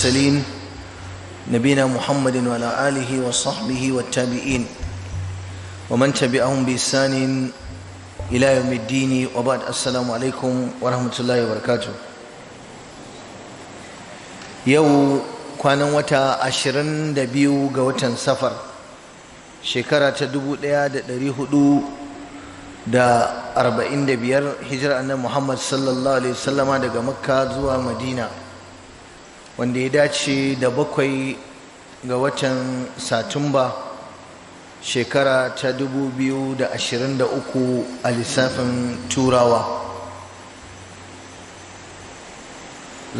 سليم نبينا محمد وعلى آله وصحبه والتابعين ومن تبعهم بإحسان إلى يوم الدين وبعد السلام عليكم ورحمة الله وبركاته يو كان وتا عشرين دبيو قوتا سفر شكرة تدبو ليا دريه دو دا أربعين دبير هجرة أن محمد صلى الله عليه وسلم دا مكة زوا مدينة wanda ya dace da bakwai ga watan satumba shekara ta 2023 a lissafin turawa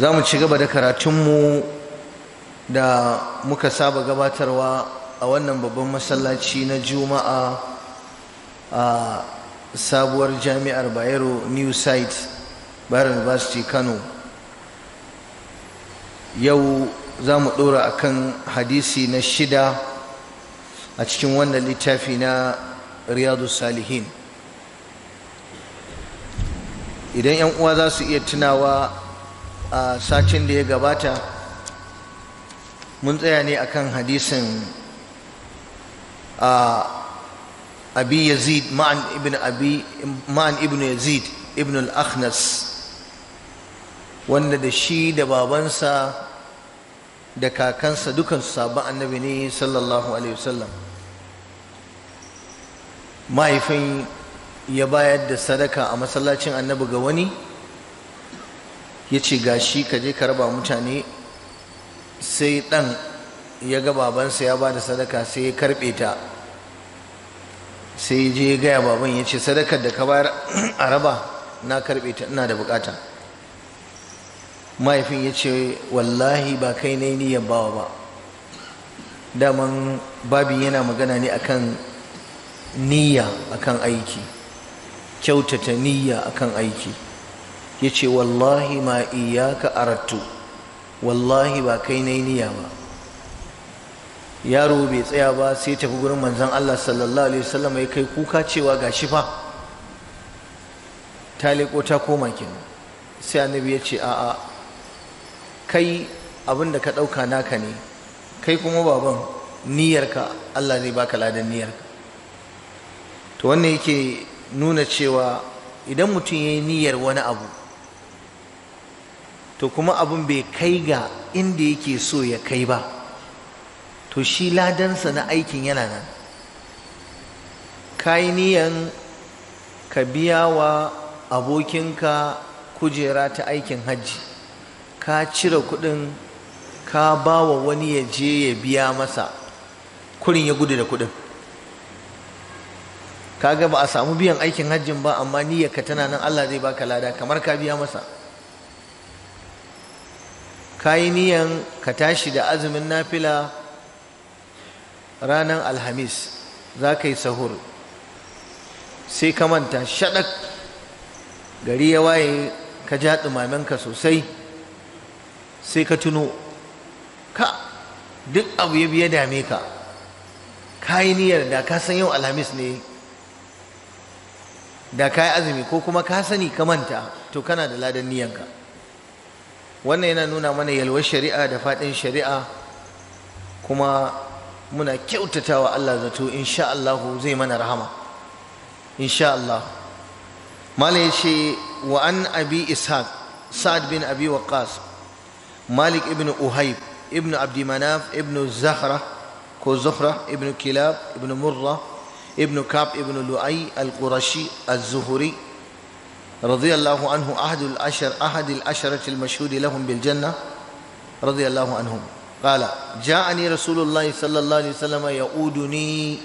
za mu ci gaba da karatunmu da muka saba gabatarwa a wannan babban masallaci na juma'a a sabuwar jami'ar bayero new site bayero university kano yau za mu ɗora a kan hadisi na shida a cikin wannan littafi na riyadu salihin idan 'yan uwa za su iya tunawa a sacin da ya gabata mun tsaya ne a kan hadisin abi yazid ma'an ibn yazid ibn al-akhnas wanda da shi da babansa da kakansa dukansu sabon annabi ne sallallahu alaihi wasallam mahaifin ya bayar da sadaka a masallacin annabi ga wani ya ce gashi ka je ka raba mutane sai ɗan ya ga babansa ya ba da sadaka sai ya karɓe ta sai je ya gaya baban ya ce sadakar da ka bayar a raba na karɓe ta ina da bukata mahaifin ya ce wallahi ba kai ne ni bawa ba daman babin yana magana ne akan niyya akan aiki kyautata niyya akan aiki ya ce wallahi ma iyaka arattu wallahi ba kai ne niyya ba yaro bai tsaya ba sai tafi gurin manzon Allah sallallahu alaihi wasallam ya kai kuka cewa gashi fa ta leko ta koma kenan sai annabi ya ce a'a kai abin da ka ɗauka naka ne kai kuma baban niyyarka Allah zai baka ladan niyyarka to wannan yake nuna cewa idan mutum ya yi niyyar wani abu to kuma abin bai kai ga inda yake so ya kai ba to shi ladansa na aikin yana nan ka yi niyan ka biya wa abokinka kujera ta aikin hajji ka cire kuɗin ka ba wa wani ya je ya biya masa kurin ya gudu da kuɗin ga ba a samu biyan aikin hajjin ba amma ka tana nan Allah zai baka lada kamar ka biya masa ka yi niyan ka tashi da azumin nafila ranar alhamis za ka yi sahur sai ka manta shaɗak gari ya waye ka ja ɗumamenka sosai sai ka tuno ka duk abu ya biya dame ka ka yi niyyar da ka san yau alhamis ne da ka yi azumi ko kuma ka sani ka manta to kana da ladan niyyanka wannan yana nuna mana yalwar shari'a da faɗin shari'a kuma muna kyautata wa Allah zato insha Allah zai mana rahama insha Allah malai ce wa an abi ishaq sa'ad bin abi waqas مالك ابن أهيب ابن عبد مناف ابن زخرة كو زخرة ابن كلاب ابن مرة ابن كعب ابن لؤي القرشي الزهري رضي الله عنه أحد الأشر أحد الأشرة المشهود لهم بالجنة رضي الله عنهم قال جاءني رسول الله صلى الله عليه وسلم يؤودني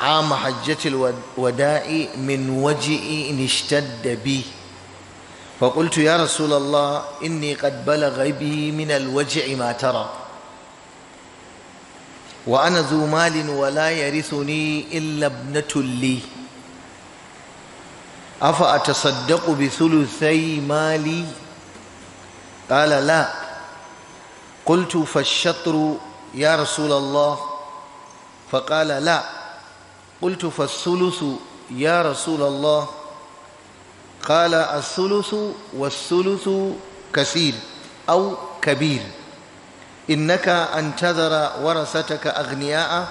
عام حجة الوداع من وجئي إن اشتد بي فقلت يا رسول الله إني قد بلغ بي من الوجع ما ترى وأنا ذو مال ولا يرثني إلا ابنة لي أفأتصدق بثلثي مالي قال لا قلت فالشطر يا رسول الله فقال لا قلت فالثلث يا رسول الله قال الثلث والثلث كثير أو كبير إنك أن تذر ورثتك أغنياء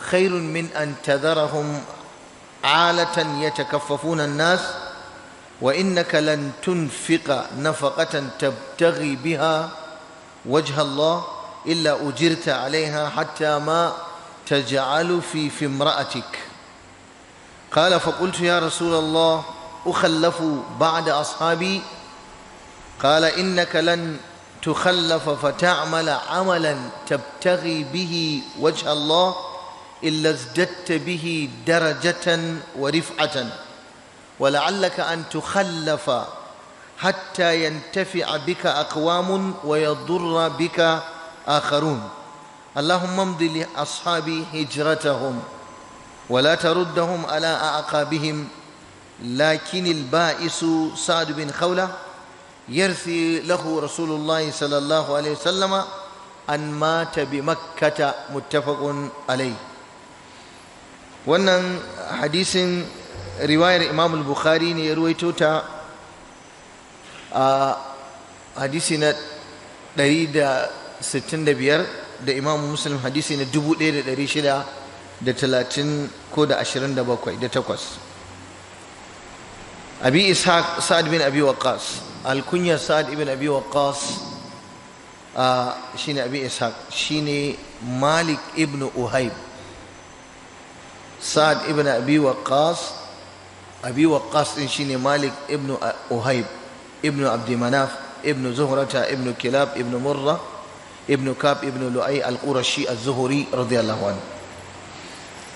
خير من أن تذرهم عالة يتكففون الناس وإنك لن تنفق نفقة تبتغي بها وجه الله إلا أجرت عليها حتى ما تجعل في في امرأتك قال فقلت يا رسول الله أخلفوا بعد أصحابي قال إنك لن تخلف فتعمل عملا تبتغي به وجه الله إلا ازددت به درجة ورفعة ولعلك أن تخلف حتى ينتفع بك أقوام ويضر بك آخرون اللهم امضي لأصحابي هجرتهم ولا تردهم على أعقابهم لكن البائس سعد بن خولة يرثي له رسول الله صلى الله عليه وسلم أن مات بمكة متفق عليه wannan hadisin riwayar imam bukhari ne ya ruwaito ta a hadisi na 165 da imam muslim hadisi na 1630 ko da 27 da 8 abi ishaq sa'ad bin abi waqqas alkunya sa'ad ibn abi waqqas ah, shine abi ishaq shine malik ibn uhayb sa'ad ibn abi waqqas abi waqqas din shine malik ibn uhayb ibn abd manaf ibn zuhrata ibn kilab ibn murra ibn kab ibn lu'ay al-qurashi al zuhri radiyallahu anhu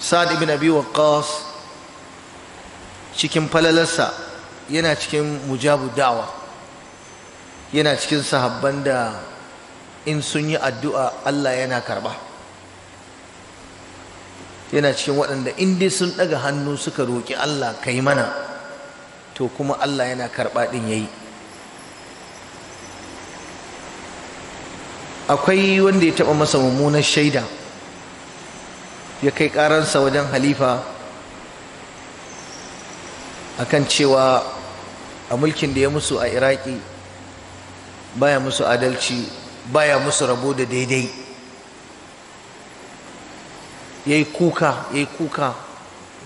sa'ad ibn abi waqqas cikin falalarsa yana cikin mujabu da'wa yana cikin sahabban da in sun yi addu'a Allah yana karba yana cikin waɗanda in dai sun ɗaga hannu suka roƙi Allah kai mana to kuma Allah yana karɓa ɗin yayi akwai wanda ya taɓa masa mummunar shaida ya kai ƙaransa wajen halifa akan cewa a mulkin da ya musu a iraki baya musu adalci baya musu rabo da daidai ya yi kuka ya yi kuka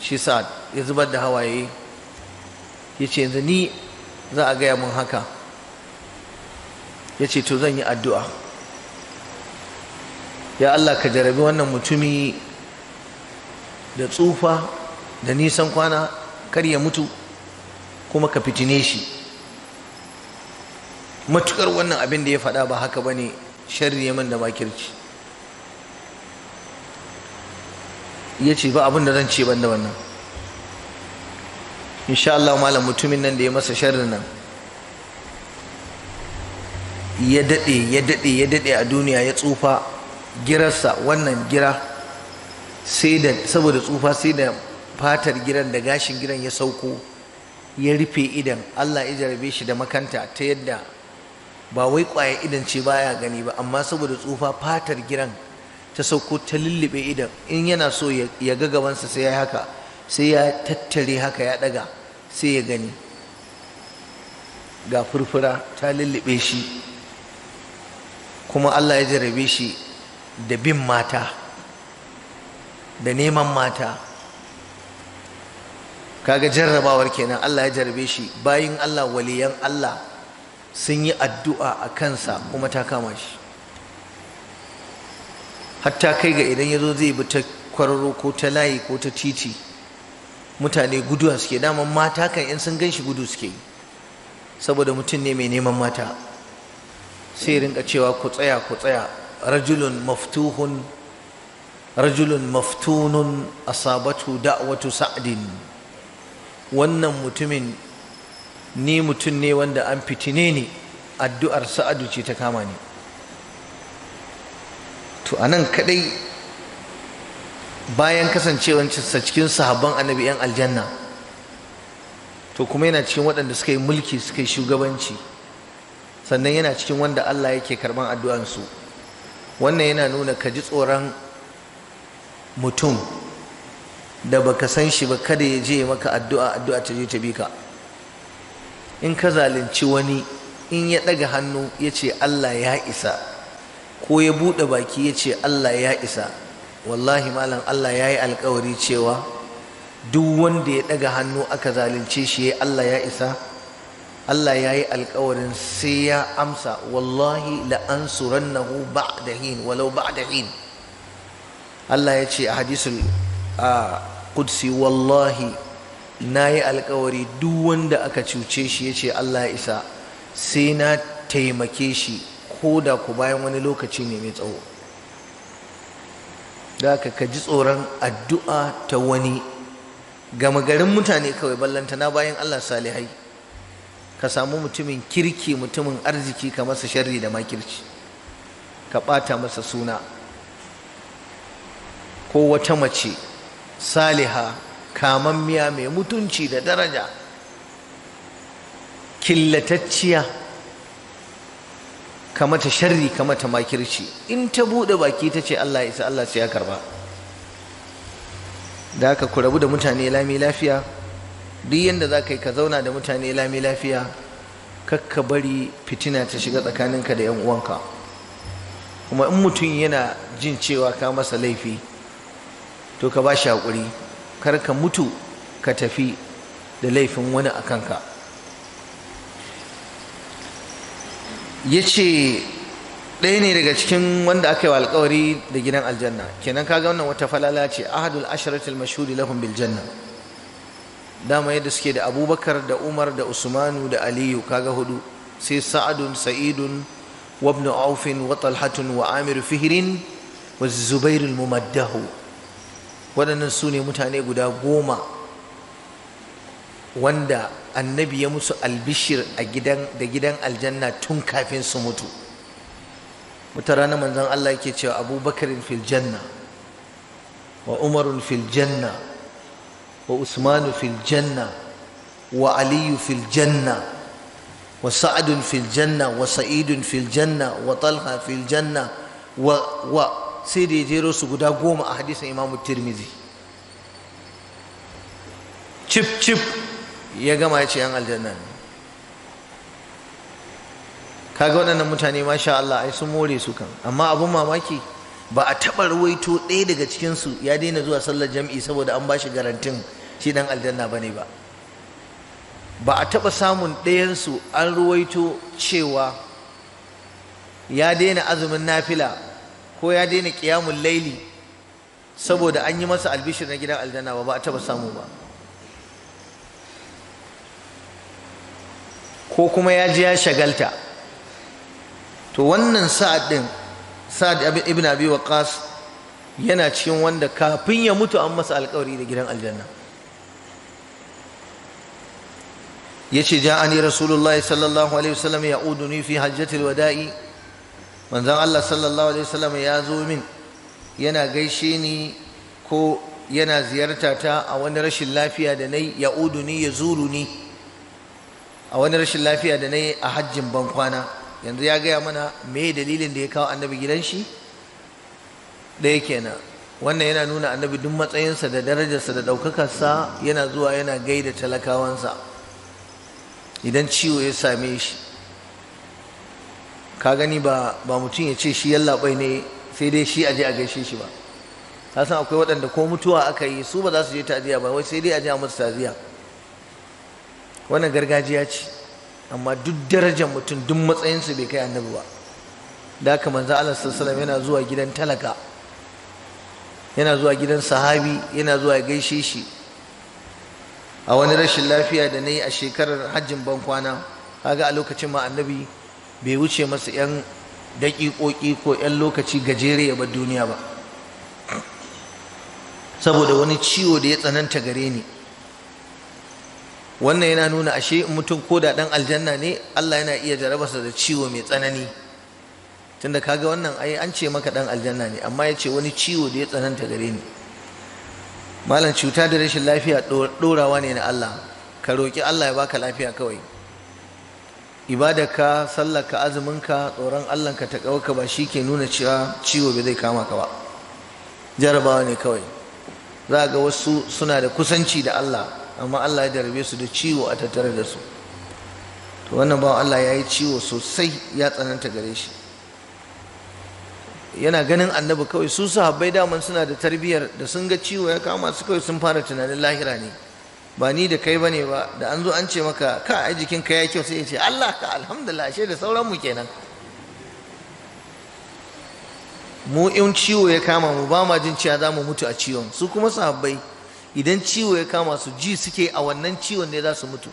shi sa'ad ya zubar da hawaye ya ce yanzu ni za a gaya mun haka ya ce to zan yi addu'a ya Allah ka jarabi wannan mutumi da tsufa da nisan kwana kar ya mutu kuma ka fitine shi matukar wannan abin da ya faɗa ba haka ba ne sharri yaman da makirci ya ce ba abin da zan ce ban wannan insha Allah malam mutumin nan da ya masa sharri nan ya daɗe ya daɗe ya daɗe a duniya ya tsufa girarsa wannan gira sai da saboda tsufa sai da fatar giran da gashin giran ya sauko ya rufe idan Allah ya jarabe shi da makanta ta yadda ba wai kwaya idan ce baya gani ba amma saboda tsufa fatar giran ta sauko ta lullube idan in yana so ya ga gabansa sai ya haka sai ya tattare haka ya daga sai ya gani ga furfura ta lullube shi kuma Allah ya jarabe shi da bin mata da neman mata kaga jarrabawar kenan Allah ya jarrabe shi bayin Allah waliyan Allah sun yi addu'a a kansa kuma ta kama shi hatta kai ga idan yazo zai bi ta kwararo ko ta layi ko ta titi mutane guduwa suke daman mata kan in sun gan shi gudu suke saboda mutum ne mai neman mata sai rinka cewa ku tsaya ku tsaya rajulun maftuhun rajulun maftunun asabatu da'watu sa'din wannan mutumin ni mutum ne wanda an fitine ni addu'ar sa'adu ce ta kama ni to anan kadai bayan sa cikin sahabban annabi yan aljanna to kuma yana cikin waɗanda suka yi mulki suka yi shugabanci sannan yana cikin wanda Allah yake karɓar addu'ansu wannan yana nuna ka ji tsoron mutum da baka san shi ba kada ya je maka addu'a addu'a ta je ta bi ka in ka zalunci wani in ya ɗaga hannu ya ce Allah ya isa ko ya buɗe baki ya ce Allah ya isa wallahi malam Allah ya yi alkawari cewa duk wanda ya ɗaga hannu aka zalunce shi ya Allah ya isa Allah ya yi alkawarin sai ya amsa wallahi la'ansurannahu ba'da hin walau ba'dahin Allah ya ce a hadisul a kudsi wallahi na yi alkawari duk wanda aka cuce shi ya ce Allah ya isa sai na taimake shi ko da ku bayan wani lokaci ne mai tsawo da ka ji tsoron addu'a ta wani gama garin mutane kawai na bayan Allah salihai ka samu mutumin kirki mutumin arziki ka masa sharri da makirci ka ɓata masa suna ko wata mace saliha kamammiya mai mutunci da daraja killatacciya kamata sharri kamata makirci in ta bude baki ta ce Allah ya isa Allah ya karba da haka ku rabu da mutane lami lafiya duk yanda za ka yi ka zauna da mutane lami lafiya kakka bari fitina ta shiga tsakaninka da 'yan uwanka kuma in mutum yana jin cewa ka masa laifi to ka ba shi haƙuri kar ka mutu ka tafi da laifin wani a kanka ya ce ɗaya ne daga cikin wanda aka yi wa alkawari da gidan aljanna kenan kaga wannan wata falala ce ahadul asharatul mashhuri lahum bil janna dama yadda suke da abubakar da umar da usmanu da aliyu kaga hudu sai sa'adun sa'idun wa ibn aufin wa talhatun wa amir fihrin wa zubairul mumaddahu waɗannan su ne mutane guda goma wanda annabi ya musu albishir a da gidan aljanna tun kafin su mutu wata rana manzon Allah yake cewa abubakarin filjanna, wa umarun filjanna, wa usmanu filjanna, wa aliyu filjanna, wa sa'adun filjanna, wa sa'idun filjanna, wa talha filjanna, wa sai da ya jero su guda goma a hadisin imamu tirmizi cif cif ya gama ya ce yan aljanna ne kaga waɗannan mutane masha Allah ai sun more su kan amma abun mamaki ba a taɓa ruwaito ɗaya daga cikinsu ya daina zuwa sallar jam'i saboda an ba shi garantin shi ɗan aljanna ba ne ba ba a taɓa samun ɗayansu an ruwaito cewa ya daina azumin nafila ko ya daina ƙiyamun laili saboda an yi masa albishir na gidan aljanna ba ba a taɓa samu ba ko kuma ya ji ya shagalta to wannan sa'ad ɗin sa'ad ibn abi waqas yana cikin wanda kafin ya mutu an masa alƙawari da gidan aljanna yace ja'ani rasulullahi sallallahu alaihi wasallam ya'uduni fi hajjatil wada'i manzon Allah sallallahu alaihi wasallam ya zo min yana gaishe ni ko yana ziyarta ta a wani rashin lafiya da nayi ya uduni ya zuru ni a wani rashin lafiya da nayi a hajjin bankwana yanzu ya gaya mana me dalilin da ya kawo annabi gidan shi ɗaya kenan wannan yana nuna annabi duk matsayinsa da darajarsa da ɗaukakarsa yana zuwa yana gaida talakawansa idan ciwo ya same shi ka gani ba ba mutum ya ce shi Yallabai ne sai dai shi aje a gaishe shi ba ka san akwai waɗanda ko mutuwa aka yi su ba za su je taziya ba wai sai dai aje a musu taziya wannan gargajiya ce amma duk darajar mutum duk matsayinsu bai kai annabi ba da haka manzo Allah sallallahu yana zuwa gidan talaka yana zuwa gidan sahabi yana zuwa gaishe shi a wani rashin lafiya da na yi a shekarar hajjin ban kwana kaga a lokacin ma annabi bai wuce masa 'yan daƙiƙoƙi ko 'yan lokaci gajere ya bar duniya ba saboda wani ciwo da ya tsananta gare ni wannan yana nuna ashe in mutum ko da ɗan aljanna ne Allah yana iya jarabarsa da ciwo mai tsanani tunda kaga wannan ai an ce maka dan aljanna ne amma ya ce wani ciwo da ya tsananta gare ni malam cuta da rashin lafiya dorawa ne na Allah ka roƙi Allah ya baka lafiya kawai ibadarka sallaka azuminka tsoron allahnka ta kawaka ba shi ke nuna cewa ciwo bai zai kama ka ba jarabawa ne kawai za ga wasu suna da kusanci da allah amma allah ya jarabe su da ciwo a tattare da su to wannan bawan allah ya yi ciwo sosai ya tsananta gare shi yana ganin annabi kawai su sahabbai daman suna da tarbiyyar da sun ga ciwo ya kama su kawai sun fara tunanin lahira ne ba ni da kai bane ba da an zo an ce maka ka a jikin ka ya kyau sai ya ce Allah ka alhamdulillah shi da sauran mu kenan mu in ciwo ya kama mu ba ma jin cewa za mu mutu a ciwon su kuma sahabbai idan ciwo ya kama su ji suke a wannan ciwon ne za su mutu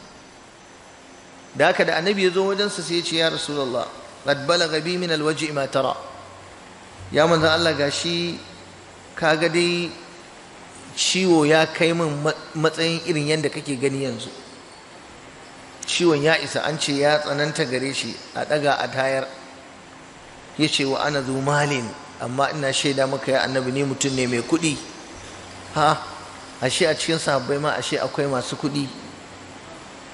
da haka da annabi ya zo wajen su sai ya ce ya rasulullah qad balagha bi min alwaj'i ma tara ya manzo Allah gashi kaga dai ciwo ya kai min matsayin irin yadda kake gani yanzu ciwon ya isa an ce ya tsananta gare shi a ɗaga a tayar ya ce wa ana zumalin amma ina shaida maka ya annabi ne mutum ne mai kuɗi ha ashe a cikin sahabbai ma ashe akwai masu kuɗi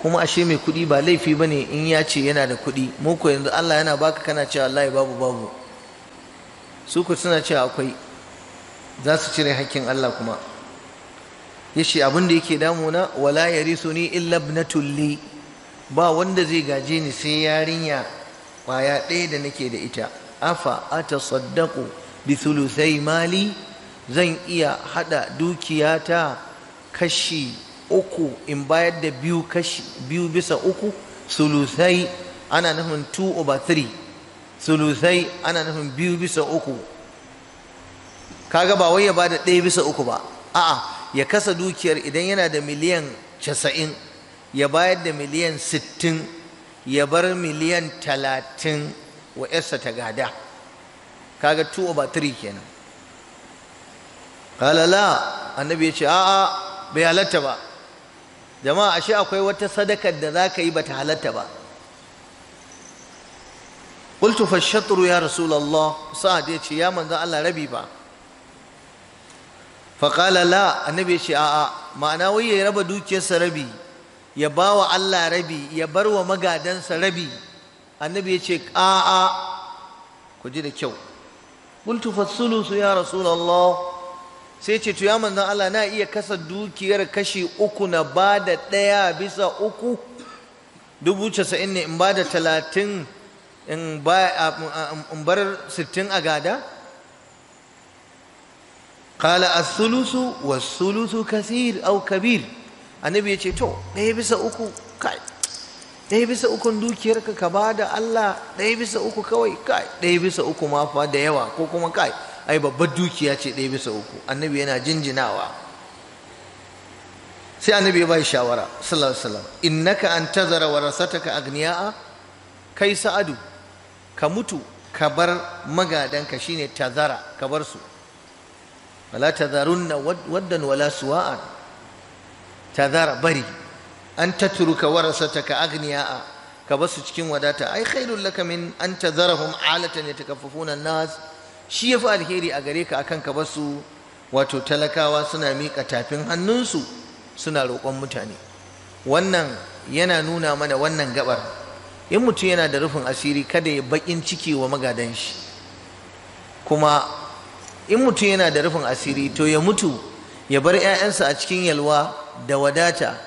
kuma ashe mai kuɗi ba laifi ba ne in ya ce yana da kuɗi mu yanzu Allah yana baka kana cewa wallahi babu babu su ku suna cewa akwai za su cire hakkin Allah kuma yace abin da yake damuna wala yarisuni illa na tulli. ba wanda zai gaje ni sai yarinya kwaya ɗaya da nake da ita afa atasaddaqu bi thuluthai mali zan iya hada dukiyata kashi uku in bayar da biyu kashi biyu bisa uku sulusai ana nufin 2 over 3 sulusai ana nufin biyu bisa uku kaga ba wai ya bada ɗaya bisa uku ba a'a ya kasa dukiyar idan yana da miliyan casa'in ya bayar da miliyan sittin ya bar miliyan talatin wa yarsa ta gada kaga 2 over 3 kenan qala la annabi ya ce a'a bai halatta ba jama'a ashe akwai wata sadakar da za ka yi ta halatta ba qultu shatru ya rasulullah sa'ad ya ce ya manzo Allah rabi ba faƙala la annabi ce a'a ma'ana wai ya raba dukiyarsa rabi ya ba wa Allah rabi ya bar wa magadansa rabi annabi ya ce a'a ku ji da kyau qultu su ya rasulullah sai ce to ya manzon Allah na iya kasa dukiyar kashi uku na ba da ɗaya bisa uku dubu casa'in ne in ba da talatin in bar sittin a gada kala asulusu wa sulusu kathir aw kabir annabi yace to ɗaya bisa uku kai ɗaya bisa ukun dukiyarka ka bada Allah ɗaya bisa uku kawai kai bisa uku ma fa da yawa ko kuma kai ai babbar dukiya ce ɗaya bisa uku annabi na jinjinawa sai annabi ya bai shawara sallallahu alaihi wasallam innaka an tazara warasataka agniya'a kai sa'adu ka mutu ka bar magadanka shine tazara ka bar su wala tadharunna waddan wala suwa'an tadhara bari an tatruka warasataka aghniya'a ka basu cikin wadata ai khairul laka min an tadharahum alatan yatakaffafuna an-nas shi yafi alheri a gare ka akan ka basu wato talakawa suna miƙa tafin hannunsu suna roƙon mutane wannan yana nuna mana wannan gabar in mutum yana da rufin asiri kada ya baƙin ciki wa magadan shi kuma in mutum yana da rufin asiri to ya mutu ya bar 'ya'yansa a cikin yalwa da wadata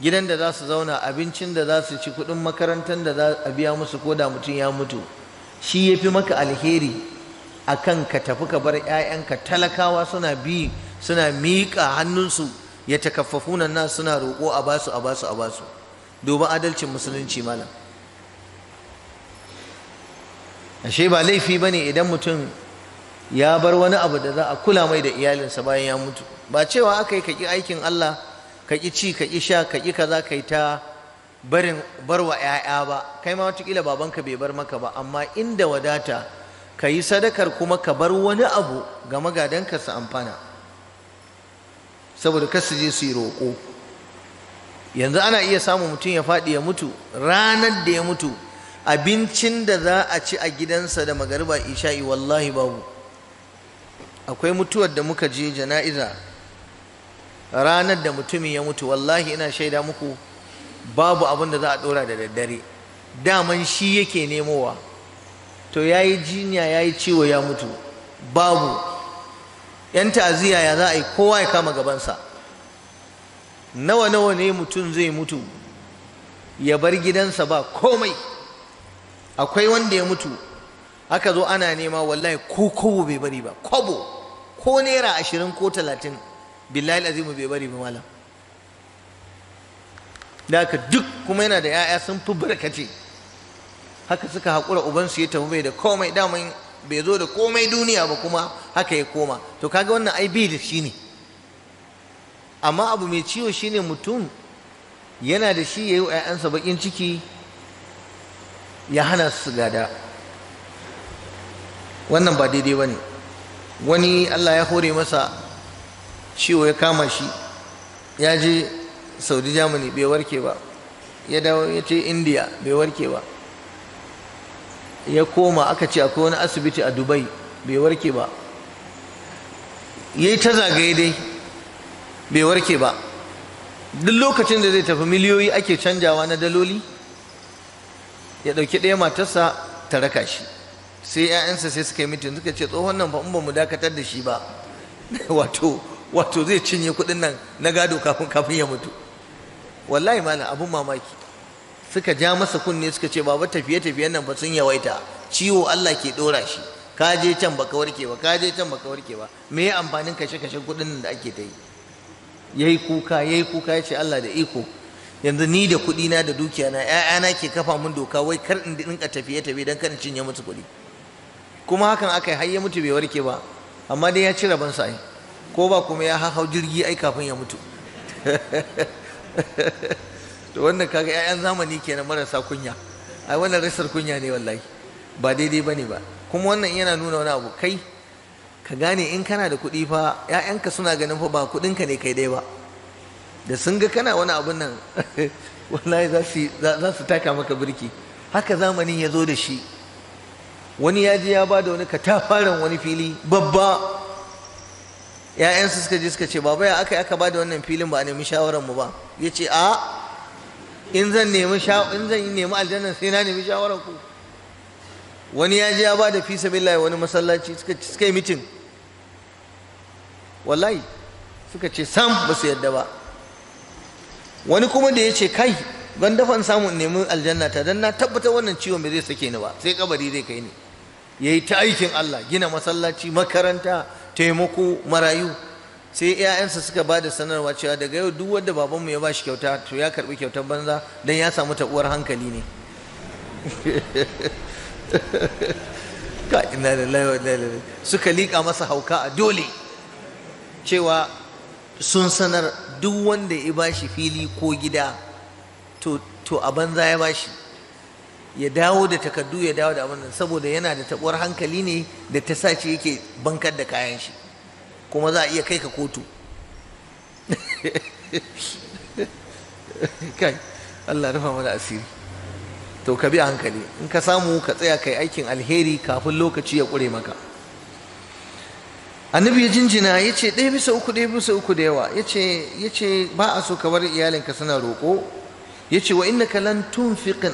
gidan da za su zauna abincin da za su ci kuɗin makarantar da za a biya musu ko da mutum ya mutu shi ya fi maka alheri a kan ka tafi ka bar 'ya'yanka talakawa suna bi suna miƙa hannunsu ya takaffafuna na suna roƙo a basu a basu a basu duba adalcin musulunci malam ashe ba laifi ba ne idan mutum ya bar wani abu da za a kula mai da iyalinsa bayan ya mutu ba cewa aka yi kaki aikin Allah kaki ci kaki sha kaki kaza kai ta barin barwa 'ya'ya ba kai ma watakila babanka bai bar maka ba amma inda wadata ka yi sadakar kuma ka bar wani abu ga magadanka su amfana saboda kar su je su yi roƙo yanzu ana iya samun mutum ya faɗi ya mutu ranar da ya mutu abincin da za a ci a gidansa da magariba isha'i wallahi babu akwai mutuwar da muka je jana'iza ranar da mutumin ya mutu wallahi ina shaida muku babu abin da za a ɗora da daddare daman shi yake nemowa to ya yi jinya ya yi ciwo ya mutu babu yan ta'aziyya ya za a yi kowa ya kama gabansa nawa nawa ne mutum zai mutu ya bar gidansa ba komai akwai wanda ya mutu aka zo ana nema wallahi ko kobo bai bari ba kobo ko naira ashirin ko talatin billahi azimu bai bari ba malam da haka duk kuma yana da 'ya'ya sun fi barkace haka suka haƙura ubansu ya tafi bai da komai damai bai zo da komai duniya ba kuma haka ya koma to kaga wannan aibi da shi ne amma abu mai ciwo shi ne mutum yana da shi ya yi wa 'ya'yansa baƙin ciki ya hana su gada wannan ba daidai ba ne wani allah ya hore masa ciwo ya kama shi ya je saudi germany bai warke ba ya dawo ya ce india bai warke ba ya koma aka ce akwai wani asibiti a dubai bai warke ba ya yi ta zagaye dai bai warke ba duk lokacin da zai tafi miliyoyi ake canjawa na daloli ya ɗauki ɗaya matarsa ta raka shi sai 'ya'yansa sai suka yi mitin suka ce tsohon nan fa ba mu dakatar da shi ba wato zai cinye kuɗin nan na gado kafin kafin ya mutu wallahi malam abun mamaki suka ja masa kunne suka ce baba tafiye tafiyen nan ba sun yawaita ciwo Allah ke dora shi ka je can baka warke ba ka je can baka warke ba me ya amfanin kashe kashe kuɗin nan da ake ta yi yayi kuka yayi kuka ya ce Allah da iko yanzu ni da kuɗina da dukiyana 'ya'yana ke kafa mun doka wai kar in dinka tafiye tafiye dan kar in cinye musu kuɗi kuma hakan aka yi har ya mutu bai warke ba amma dai ya ci rabon sa ko ba kuma ya hau jirgi ai kafin ya mutu to wannan kaga 'ya'yan zamani kenan marasa kunya ai wannan rasar kunya ne wallahi ba daidai bane ba kuma wannan yana nuna wani abu kai ka gane in kana da kuɗi fa 'ya'yanka suna ganin fa ba kuɗinka ne kai dai ba da sun ga kana wani abun nan wallahi za su taka maka birki haka zamanin ya zo da shi wani ya je ya ba da wani katafaren wani fili babba ‘ya'yansu suka je suka ce baba ya aka aka ba da wannan filin ba a nemi shawararmu ba ya ce a in zan nemi in zan nemi aljannan sai na nemi shawarar ku wani ya je ya ba da fi sabillahi wani masallaci suka suka yi mitin wallahi suka ce sam ba su yadda ba wani kuma da ya ce kai ban dafa samun nemi aljanna ta don na tabbatar wannan ciwon ba zai sake ni ba sai kabari zai kai ni ya yi ta aikin Allah gina masallaci makaranta taimako marayu sai 'ya'yansa suka ba da sanarwa cewa daga yau duk wanda babanmu ya ba shi kyauta to ya karbi kyautar banza don ya samu taɓuwar hankali ne suka liƙa masa hauka a dole cewa sun sanar duk wanda ya ba shi fili ko gida to a banza ya ba shi ya dawo da takardu ya dawo da abin saboda yana da tabuwar hankali ne da ta sace yake bankar da kayan shi kuma za a iya kai ka kotu kai Allah rufa mana asiri to ka bi hankali in ka samu ka tsaya kai aikin alheri kafin lokaci ya kure maka annabi ya jinjina ya ce ɗaya bisa uku ɗaya bisa uku da yawa ya ce ba a so ka bar iyalinka suna roƙo yace wa innaka lan tunfiqa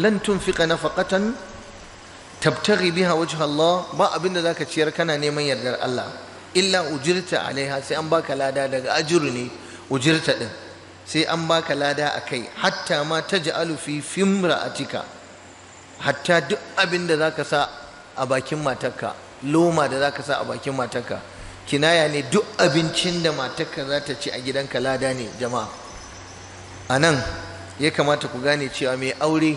lan tunfiqa nafaqatan tabtaghi biha wajha Allah ba abinda zaka ciyar kana neman yardar Allah illa ujirta alaiha sai an baka lada daga ajru ne ujirta din sai an baka lada akai hatta ma taj'alu fi fimra'atika hatta duk abinda zaka sa a bakin matarka loma da zaka sa a bakin matarka kinaya ne duk abincin da matarka za ta ci a gidanka lada ne jama'a a nan ya kamata ku gane cewa mai aure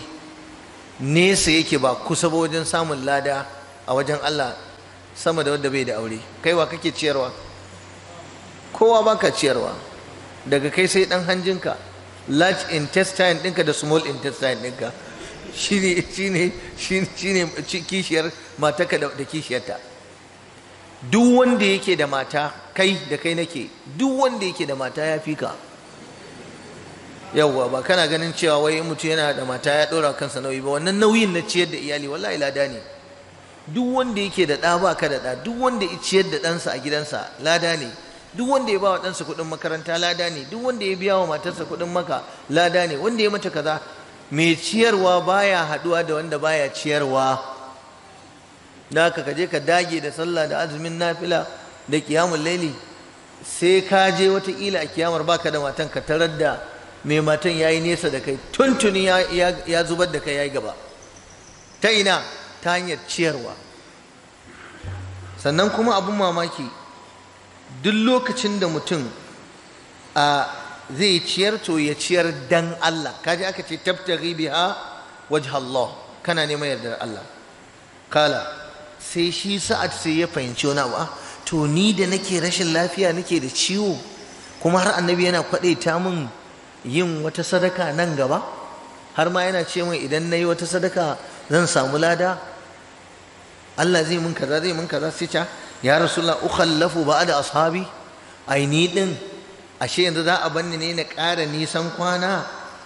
nesa yake ba kusa ba wajen samun lada a wajen Allah sama da wanda bai da aure kaiwa kake ciyarwa kowa baka ciyarwa daga kai sai dan hanjinka large intestine ɗinka da small intestine ɗinka shine shine shine kishiyar mataka da kishiyarta duk wanda yake da mata kai da kai nake duk wanda yake da mata ya fi ka yawwa ba kana ganin cewa wai mutum yana da mata ya ɗora kansa nauyi ba wannan nauyin na ciyar da iyali wallahi lada ne duk wanda yake da ɗa ba ka da ɗa duk wanda ya ciyar da ɗansa a gidansa lada ne duk wanda ya bawa wa ɗansa kuɗin makaranta lada ne duk wanda ya biya wa matarsa kuɗin maka lada ne wanda ya mata kaza mai ciyarwa baya haɗuwa da wanda baya ciyarwa da ka je ka dage da sallah da azumin nafila da kiyamun laili sai ka je wataƙila a kiyamar baka da matan ka tarar da mai matan ya yi nesa da kai tuntuni ya zubar da kai ya yi gaba ta ina ta hanyar ciyarwa sannan kuma abin mamaki duk lokacin da mutum a zai ciyar to ya ciyar dan Allah kaji aka ce tabtaghi biha wajh Allah kana neman yardar Allah kala sai shi sa'ad sai ya fahimci wani abu ah, to ni da nake rashin lafiya nake da ciwo kuma har annabi yana kwadaita min yin wata sadaka nan gaba har ma yana ce min idan na yi wata sadaka zan samu lada Allah zai mun kaza zai mun kaza sai ta ya rasulullah ukhallafu ba'da ashabi ai ni din ashe yanzu za a banni ne na ƙara nisan kwana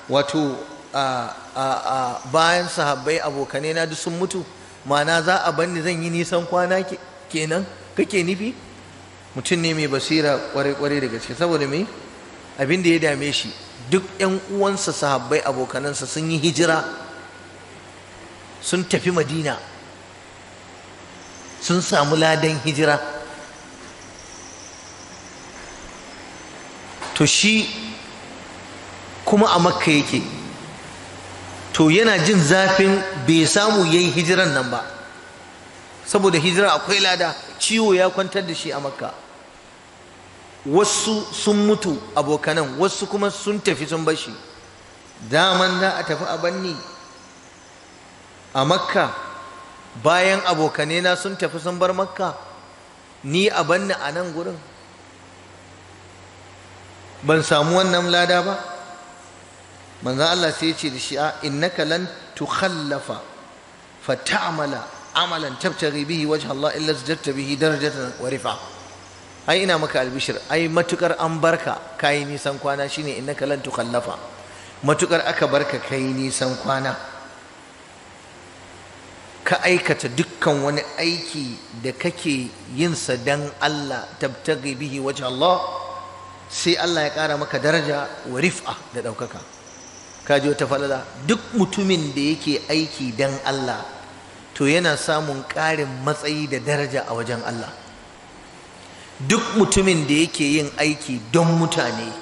wato a bayan sahabbai abokane na duk sun mutu ma'ana za a banni zan yi nisan kwana kenan kake nufi mutum ne mai basira kwarai-kwarai da gaske saboda me abin da ya dame shi duk yan uwansa sahabbai abokanansa sun yi hijira sun tafi madina sun samu ladan hijira to shi kuma a makka yake to yana jin zafin bai samu yayi hijiran nan ba saboda hijira akwai lada ciwo ya kwantar da shi a makka wasu sun mutu abokanan wasu kuma sun tafi sun bashi daman za a tafi a banni a makka bayan abokanena sun tafi sun bar makka ni a banni a nan gurin ban samu wannan lada ba manzan Allah sai ya ce da shi a innaka lan tukhallafa fa amalan tabtaghi bihi wajha Allah illa jarta bihi darajatan wa rifa'a ai ina maka albishir ai matukar an barka kayi nisan kwana shine innaka lan tukhallafa matukar aka barka kai nisan kwana ka aikata dukkan wani aiki da kake yin sa dan Allah tabtagi bihi wajh Allah sai Allah ya kara maka daraja wa rif'a da daukaka ka ji wata falala duk mutumin da yake aiki dan Allah to yana samun ƙarin matsayi da daraja a wajen Allah duk mutumin da yake yin aiki don mutane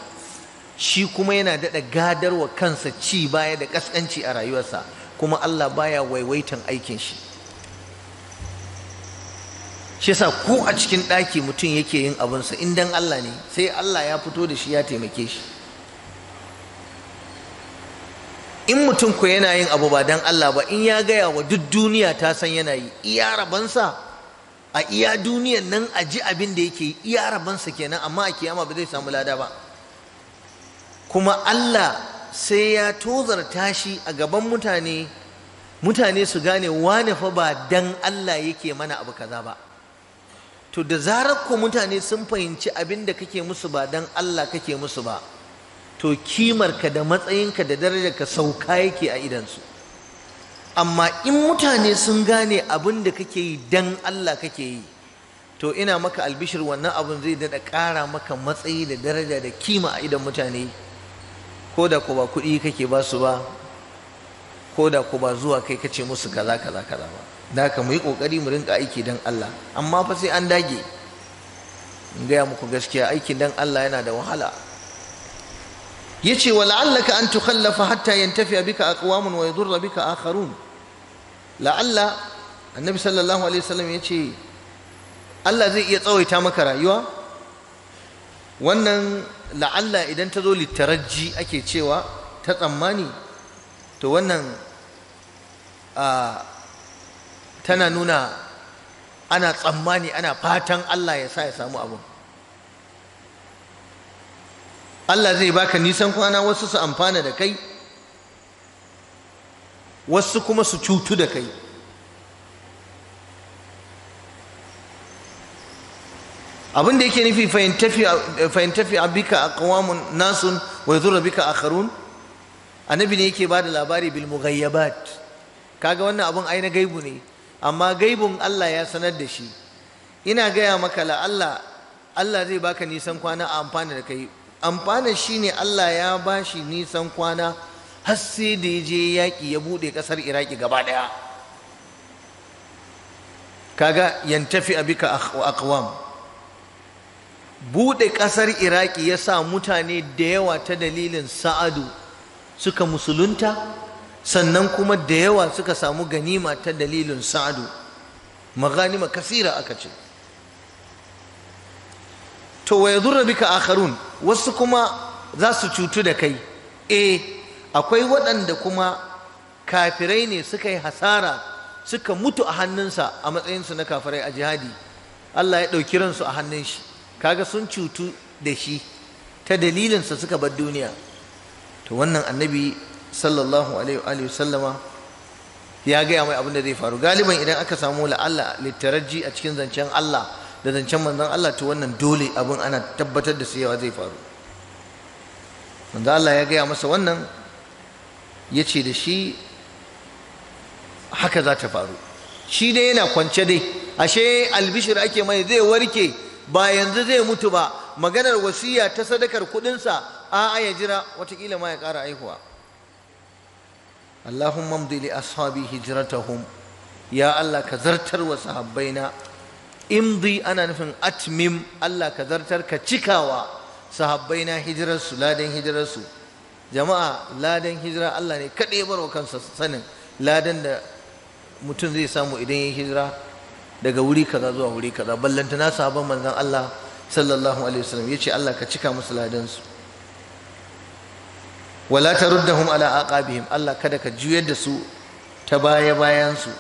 shi kuma yana daɗa wa kansa ci baya da ƙasƙanci a rayuwarsa kuma Allah baya waiwaitan aikin shi shi yasa ko a cikin ɗaki mutum yake yin abinsa in dan Allah ne sai Allah ya fito da shi ya taimake shi in mutum ko yana yin abu ba dan Allah ba in ya gaya wa duk duniya ta san yana yi iya rabansa a iya duniyan nan a ji abin da yake iya rabansa kenan amma a kiyama ba zai samu lada ba kuma Allah sai ya tozarta shi a gaban mutane mutane su gane wane fa ba dan Allah yake mana abu kaza ba to da zarar ku mutane sun fahimci abin da kake musu ba dan Allah kake musu ba to kimarka da matsayinka da darajarka sauka yake a idansu amma in mutane sun gane abin da kake yi dan Allah kake yi to ina maka albishir wannan abin zai daɗa ƙara maka matsayi da daraja da kima a idan mutane ko da ko ba kuɗi kake ba su ba ko da ko ba zuwa kai kace musu kaza kaza kaza ba da haka mu yi ƙoƙari mu rinka aiki dan Allah amma fa sai an dage in gaya muku gaskiya aikin dan Allah yana da wahala yace wa la'allaka an tukhallafa hatta yantafi bika aqwamun wa yadurra bika akharun la'alla annabi sallallahu alaihi wasallam yace Allah zai iya tsawaita maka rayuwa wannan la'alla idan ta zo littaraji ake cewa ta tsammani to wannan tana nuna ana tsammani ana fatan Allah ya sa ya samu abun Allah zai baka nisan kwana wasu su amfana da kai wasu kuma su cutu da kai abin da yake nufi fahimtafi abika kawamun nasun wa yadhurru bika akharun annabi ne yake bada labari bil mughayyabat kaga wannan abun ai na gaibu ne amma gaibun Allah ya sanar da shi ina gaya maka la Allah Allah zai baka nisan kwana a amfana da kai amfanar shi ne Allah ya ba shi nisan kwana har sai da ya je yaƙi ya buɗe ƙasar iraki gaba ɗaya kaga yantafi abika akwam buɗe ƙasar iraki ya sa mutane da yawa ta dalilin sa'adu suka musulunta sannan kuma da yawa suka samu ganima ta dalilin sa'adu maganima kasira aka ce to wa yadhurra bika akharun wasu kuma za su cutu da kai eh akwai waɗanda kuma kafirai ne suka yi hasara suka mutu a hannunsa a matsayinsu na kafirai a jihadi Allah ya ɗauki ransu a hannun shi kaga sun cutu da shi ta dalilinsa suka bar duniya to wannan annabi sallallahu alaihi wa sallama ya gaya mai abin da zai faru galiban idan aka samu la'alla littaraji a cikin zancen Allah da zancen manzon Allah to wannan dole abin ana tabbatar da yawa zai faru manzon Allah ya gaya masa wannan ya ce da shi haka za ta faru shi dai yana kwance dai ashe albishir ake mai zai warke ba yanzu zai mutu ba maganar wasiya ta sadakar kudinsa a ya jira watakila ma ya kara aihuwa Allahumma mdi ashabi hijratahum ya Allah ka zartar wa sahabbaina imdi ana nufin atmim Allah ka zartar ka cikawa sahabbai na hijirarsu ladan hijirarsu jama'a ladan hijira Allah ne kaɗai baro kansa sanin ladan da mutum zai samu idan ya hijira daga wuri kaza zuwa wuri kaza na sahabban manzon Allah sallallahu alaihi wasallam yace Allah ka cika musu ladansu walata wala taruddahum ala aqabihim Allah kada ka juyar da su ta baya bayan su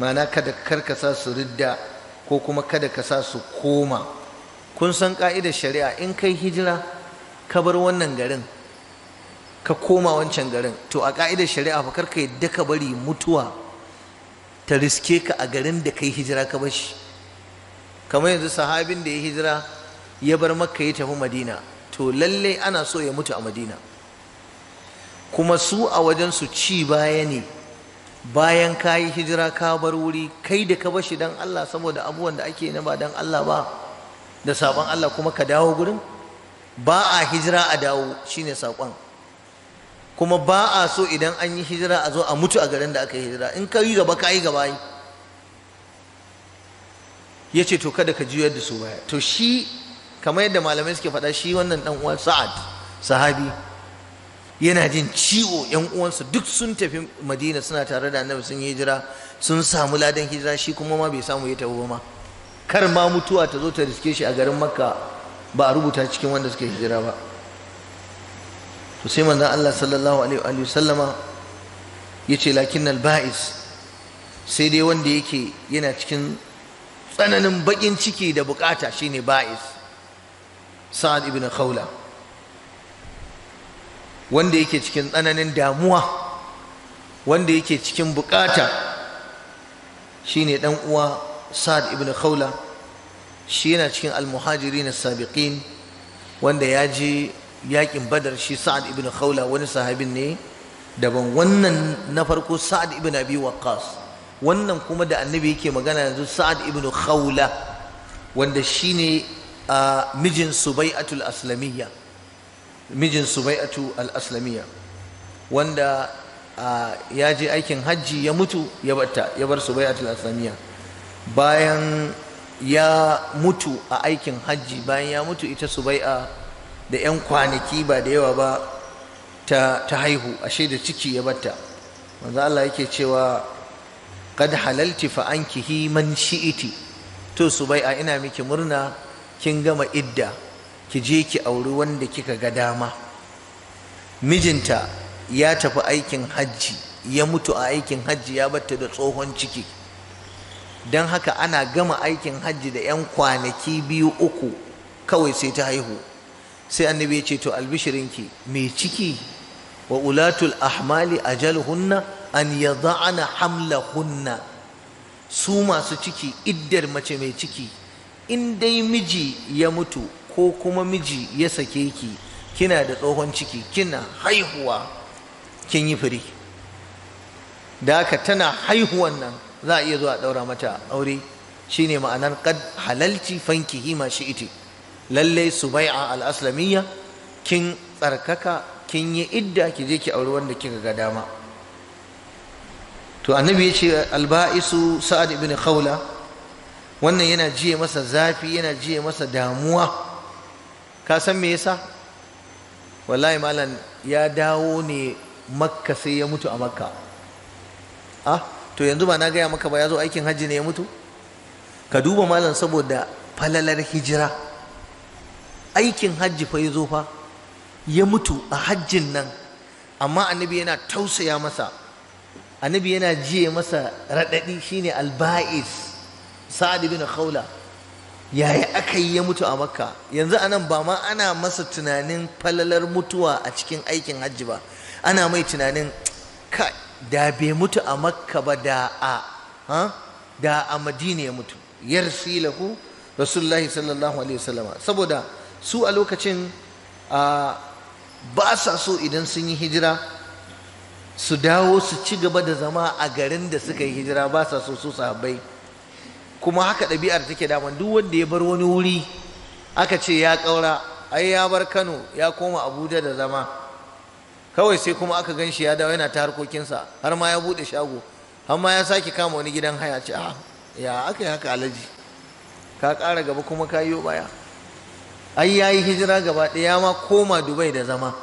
ma'ana kada karkasa su ridda ko kuma kada ka sa su koma kun san ka'idar shari'a in kai hijira ka bar wannan garin ka koma wancan garin to a ka'idar shari'a fa karka yadda ka bari mutuwa ta riske ka a garin da kai hijira ka bar shi kamar yanzu sahabin da ya hijira ya bar makka ya tafi madina to lallai ana so ya mutu a madina kuma su a wajen su ci baya ne bayan ka yi hijira ka bar wuri kai da ka bashi dan Allah saboda abubuwan da ake na ba dan Allah ba da sabon Allah kuma ka dawo gurin ba a hijira a dawo shine sakon kuma ba a so idan an yi hijira a zo a mutu a garin da aka yi hijira in ka yi gaba ka yi gaba ya ce to kada ka juyar da su baya to shi kamar yadda malamai suke faɗa shi wannan ɗan uwan sa'ad sahabi yana jin ciwo yan uwansa duk sun tafi madina suna tare da annabi sun yi hijira sun samu ladan hijira shi kuma ma bai samu ya tafi ba ma kar ma mutuwa ta zo ta riske shi a garin makka ba a rubuta cikin wanda suke hijira ba to sai manzon Allah sallallahu alaihi wa sallama yace lakinnal ba'is sai dai wanda yake yana cikin tsananin bakin ciki da bukata shine ba'is sa'ad ibn khawla wanda yake cikin tsananin damuwa wanda yake cikin bukata shine dan uwa Sa'ad ibn Khawla shi yana cikin almuhajiri na sabiqin wanda ya je yakin Badar shi Sa'ad ibn Khawla wani sahabin ne daban wannan na farko Sa'ad ibn Abi Waqqas wannan kuma da annabi yake magana yanzu Sa'ad ibn Khawla wanda shine ah, mijin Subai'atul Aslamiyya mijin subai'atu al wanda ya je aikin hajji ya mutu ya batta ya bar subai'atu al bayan ya mutu a aikin hajji bayan ya mutu ita subai'a da 'yan kwanaki ba da yawa ba ta, haihu ashe da ciki ya batta manzo Allah yake cewa qad halalti fa ankihi man shi'iti to subai'a ina miki murna kin gama idda ki je ki auri wanda kika ga dama mijinta ya tafi aikin hajji ya mutu a aikin hajji ya batta da tsohon ciki don haka ana gama aikin hajji da 'yan kwanaki biyu uku kawai sai ta haihu sai annabi ya ce to albishirinki mai ciki wa ulatul ahmali ajalhunna an hamla hunna su masu ciki iddar mace mai ciki in dai miji ya mutu ko kuma miji ya sake ki kina da tsohon ciki kina haihuwa kin yi firi da haka tana haihuwan nan za a iya zuwa ɗaura mata aure shine ma'anar kad halalci fankihi ma iti. lalle subai'a al-aslamiyya kin tsarkaka kin yi idda ki je ki auri wanda kika ga dama to annabi ya ce alba'isu sa'ad ibn khawla wannan yana jiye masa zafi yana jiye masa damuwa ka san me yasa wallahi malam ya dawo ne makka sai ya mutu a makka ah to yanzu ba na gaya maka ba ya zo aikin hajji ne ya mutu ka duba malam saboda falalar hijira aikin hajji fa ya zo fa ya mutu a hajjin nan amma annabi yana tausaya masa annabi yana jiye masa raɗaɗi shine alba'is sa'ad ibn khawla yaya aka yi ya mutu a makka yanzu anan ba ma ana masa tunanin falalar mutuwa a cikin aikin hajji ba ana mai tunanin ka da bai mutu a makka ba da a ha da a madina ya mutu yarsi lahu rasulullahi sallallahu alaihi wasallama saboda su a lokacin ba sa so idan sun yi hijira su dawo su ci gaba da zama a garin da suka yi hijira ba sa so su sahabbai kuma haka ɗabi'ar take daman duk wanda ya bar wani wuri aka ce ya ƙaura ai ya bar kano ya koma abuja da zama kawai sai kuma aka gan shi ya dawo yana ta harkokinsa har ma ya buɗe shago har ma ya sake kama wani gidan haya ce a ah, ya aka yi haka alaji ka ƙara gaba kuma ka yi baya ai ya yi hijira gaba ɗaya ma koma dubai da zama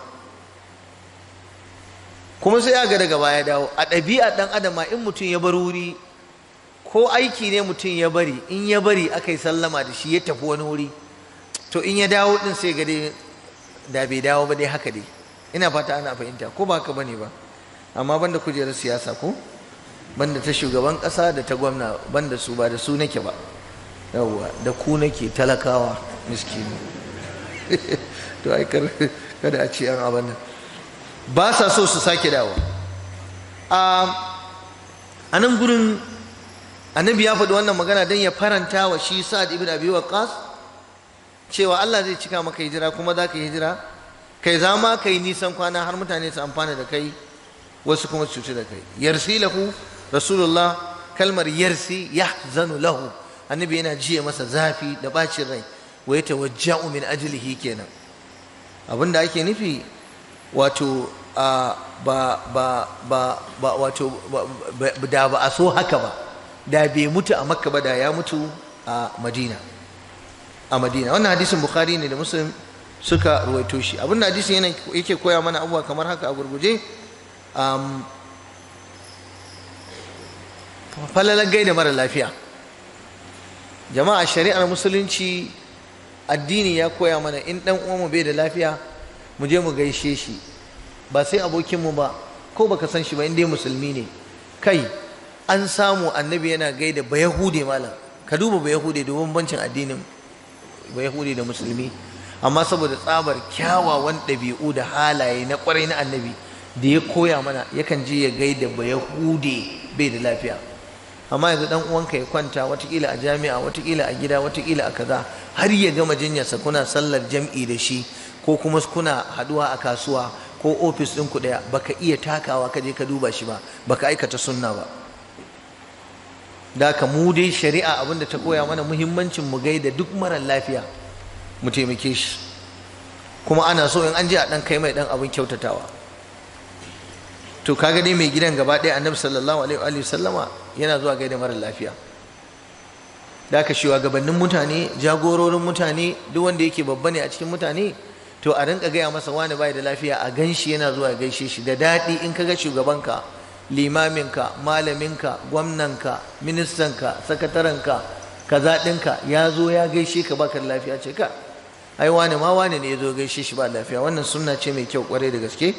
kuma sai ya ga daga baya dawo a ɗabi'a ɗan adam in mutum ya bar wuri ko aiki ne mutum ya bari in ya bari aka yi sallama da shi ya tafi wani wuri to in ya dawo din sai gade da bai dawo ba dai haka dai ina fata ana fahimta ko ba haka bane ba amma banda kujerar siyasa ko banda ta shugaban kasa da ta gwamna banda su ba da su nake ba yawwa da ku nake talakawa miskini to ai kada a ce an abana ba sa so su sake dawo ah, a nan gurin annabi ya faɗi wannan magana don ya faranta wa shi sa'ad ibn abi waqqas cewa Allah zai cika maka hijira kuma za ka yi hijira kai za ma kai nisan kwana har mutane su amfana da kai wasu kuma su da kai yarsi lahu rasulullah kalmar yarsi yahzanu lahu annabi yana jiye masa zafi da bacin rai wa yatawajja'u min ajlihi kenan abinda ake nufi wato ba ba ba wato da ba a so haka ba da bai mutu a makka ba da ya mutu a madina a madina wannan hadisin bukhari ne da muslim suka ruwaito shi abin da hadisin yana yake koya mana abubuwa kamar haka a gurguje um, gai da mara lafiya jama'a shari'ar musulunci addini ya koya mana in dan uwanmu bai da lafiya mu je mu gaishe shi ba sai abokinmu ba ko baka san shi ba in dai musulmi ne kai an samu annabi yana gaida ba yahude malam ka duba ba yahude domin bancin addinin ba yahude da musulmi amma saboda tsabar kyawawan ɗabi'u da halaye na ƙwarai na annabi da ya koya mana yakan je ya gaida ba yahude bai da lafiya amma yanzu dan uwanka ya kwanta watakila a jami'a watakila a gida watakila a kaza har ya gama jinyarsa kuna sallar jam'i da shi ko kuma kuna haduwa a kasuwa ko ofis ɗinku ɗaya baka iya takawa kaje ka duba shi ba baka aikata sunna ba da ka mu dai shari'a abinda ta koya mana muhimmancin mu gaida duk mara lafiya mu taimake shi kuma ana so in an je a dan kai mai dan abin kyautatawa to kaga dai mai gidan gaba ɗaya annabi sallallahu alaihi wa sallama yana zuwa gaida mara lafiya da ka gabanin mutane jagororin mutane duk wanda yake babba ne a cikin mutane to a rinka gaya masa wani bai da lafiya a ganshi yana zuwa gaishe shi da daɗi in kaga shugabanka limaminka malaminka gwamnanka ministanka sakataranka kaza ɗinka ya zo ya gaishe ka baka da lafiya ce ka ai wani ma wani ne ya zo gaishe shi ba lafiya wannan sunna ce mai kyau kwarai da gaske